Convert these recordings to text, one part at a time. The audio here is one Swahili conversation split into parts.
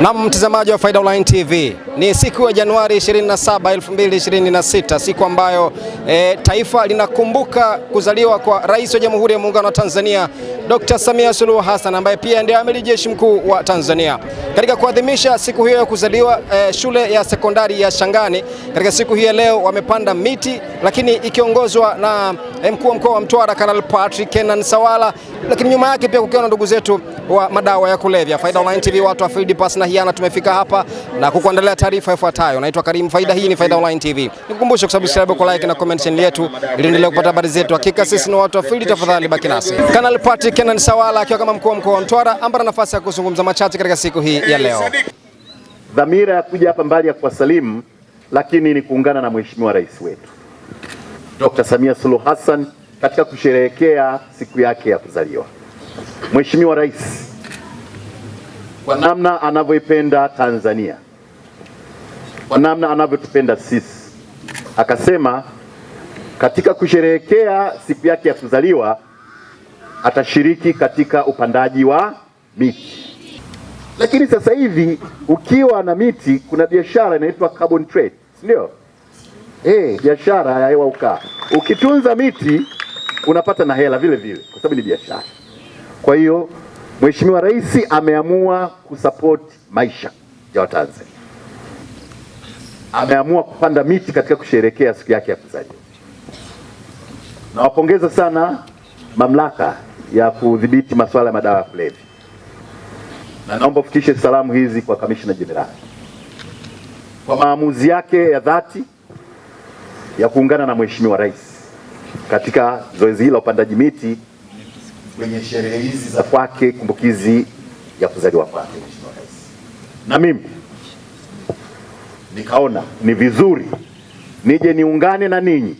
Na mtazamaji wa Faida Online TV, ni siku ya Januari 27, 2026, siku ambayo e, taifa linakumbuka kuzaliwa kwa Rais wa Jamhuri ya Muungano wa Tanzania Dr. Samia Suluhu Hassan ambaye pia ndiye amiri jeshi mkuu wa Tanzania. Katika kuadhimisha siku hiyo ya kuzaliwa e, shule ya sekondari ya Shangani katika siku hii ya leo wamepanda miti, lakini ikiongozwa na eh, mkuu wa mkoa wa Mtwara Kanali Patrick Kenan Sawala, lakini nyuma yake pia kukiwa na ndugu zetu wa madawa ya kulevya. Faida Online TV watu wa field pass na tumebahiana tumefika hapa na kukuandalia taarifa ifuatayo. Naitwa Karim Faida, hii ni Faida Online TV. Nikukumbusha kusubscribe, kwa like na comment chini yetu ili endelee kupata habari zetu. Hakika sisi ni watu wa field, tafadhali baki nasi. Kanal Party Kenan Sawala akiwa kama mkuu wa mkoa wa Mtwara ambaye nafasi ya kuzungumza machache katika siku hii ya leo. Dhamira ya kuja hapa mbali ya kuwasalimu, lakini ni kuungana na Mheshimiwa Rais wetu Dr. Samia Suluhu Hassan katika kusherehekea siku yake ya kuzaliwa. Mheshimiwa Rais kwa namna anavyoipenda Tanzania, kwa namna anavyotupenda sisi. Akasema katika kusherehekea siku yake ya kuzaliwa atashiriki katika upandaji wa miti. Lakini sasa hivi ukiwa na miti kuna biashara inaitwa carbon trade, si ndio? Eh, eh biashara ya hewa ukaa. Ukitunza miti unapata na hela vile vile, kwa sababu ni biashara. Kwa hiyo Mheshimiwa Rais ameamua kusapoti maisha ya Watanzania, ameamua kupanda miti katika kusherehekea siku yake ya kuzaliwa. Nawapongeza sana mamlaka ya kudhibiti masuala ya madawa ya kulevya, na naomba ufikishe salamu hizi kwa Kamishna Jenerali kwa maamuzi yake ya dhati ya kuungana na Mheshimiwa Rais katika zoezi hili la upandaji miti kwenye sherehe hizi za kwake, kumbukizi ya kuzaliwa kwake Mheshimiwa Rais, na mimi nikaona ni vizuri nije niungane na ninyi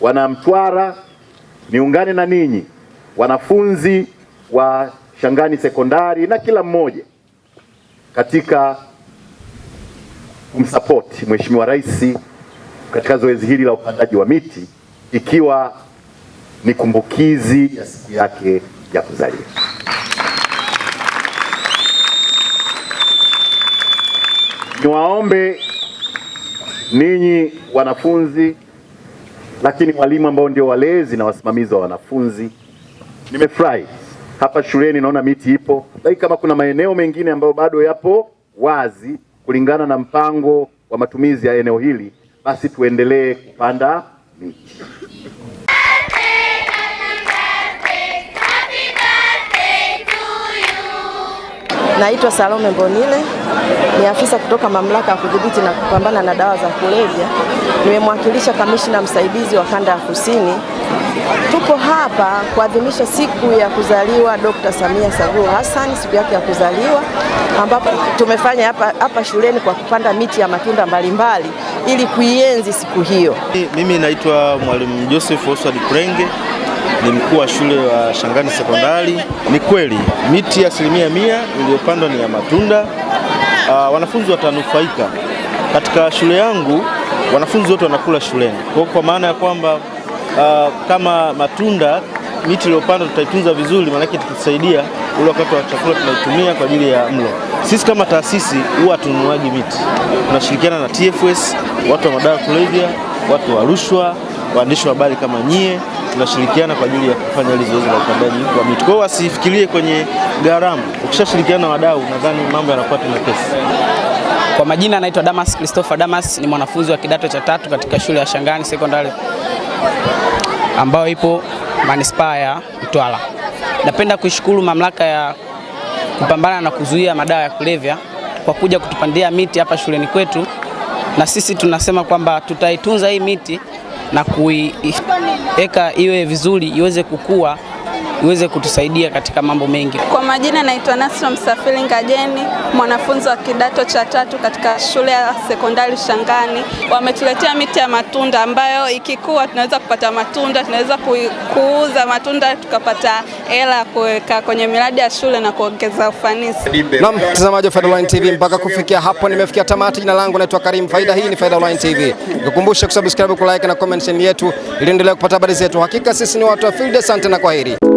wana Mtwara, niungane na ninyi wanafunzi wa Shangani Sekondari na kila mmoja katika kumsapoti Mheshimiwa Rais katika zoezi hili la upandaji wa miti ikiwa ni kumbukizi ya siku yake ya kuzaliwa. Niwaombe ninyi wanafunzi, lakini walimu ambao ndio walezi na wasimamizi wa wanafunzi. Nimefurahi hapa shuleni, naona miti ipo, lakini kama kuna maeneo mengine ambayo bado yapo wazi kulingana na mpango wa matumizi ya eneo hili, basi tuendelee kupanda miti. Naitwa Salome Mbonile, ni afisa kutoka mamlaka ya kudhibiti na kupambana na dawa za kulevya. Nimemwakilisha kamishna msaidizi wa kanda ya Kusini. Tuko hapa kuadhimisha siku ya kuzaliwa Dr. Samia Suluhu Hassan, siku yake ya kuzaliwa, ambapo tumefanya hapa hapa shuleni kwa kupanda miti ya matunda mbalimbali ili kuienzi siku hiyo. Mimi naitwa Mwalimu Joseph Oswald Prenge ni mkuu wa shule wa Shangani Sekondari. Ni kweli miti asilimia mia iliyopandwa ni ya matunda. Aa, ah, wanafunzi watanufaika katika shule yangu, wanafunzi wote wanakula shuleni kwa, kwa maana ya kwamba ah, kama matunda miti iliyopandwa tutaitunza vizuri, maanake tukitusaidia ule wakati wa chakula tunaitumia kwa ajili ya mlo. Sisi kama taasisi huwa hatununuaji miti, tunashirikiana na TFS, watu wa madawa kulevya, watu wa rushwa waandishi wa habari kama nyie tunashirikiana kwa ajili ya kufanya hili zoezi la upandaji wa miti. Kwa hiyo wasifikirie kwenye gharama, ukishashirikiana na wadau nadhani mambo yanakuwa tu mepesi. Kwa majina anaitwa Damas Christopher Damas, ni mwanafunzi wa kidato cha tatu katika shule ya Shangani Sekondari ambayo ipo manispaa ya Mtwara. Napenda kuishukuru mamlaka ya kupambana na kuzuia madawa ya kulevya kwa kuja kutupandia miti hapa shuleni kwetu, na sisi tunasema kwamba tutaitunza hii miti na kuiweka iwe vizuri iweze kukua iweze kutusaidia katika mambo mengi. Kwa majina naitwa Nasra Msafiri Ngajeni, mwanafunzi wa kidato cha tatu katika shule ya sekondari Shangani. Wametuletea miti ya matunda ambayo ikikua tunaweza kupata matunda, tunaweza kuuza matunda tukapata hela ya kuweka kwenye miradi ya shule na kuongeza ufanisi. Naam, mtazamaji wa Faida Online TV, mpaka kufikia hapo nimefikia tamati. Jina langu naitwa Karim Faida, hii ni Faida Online TV. Nikukumbushe kusubscribe, kulike na comment yetu ili endelee kupata habari zetu. Hakika sisi ni watu wa field. Asante na kwaheri.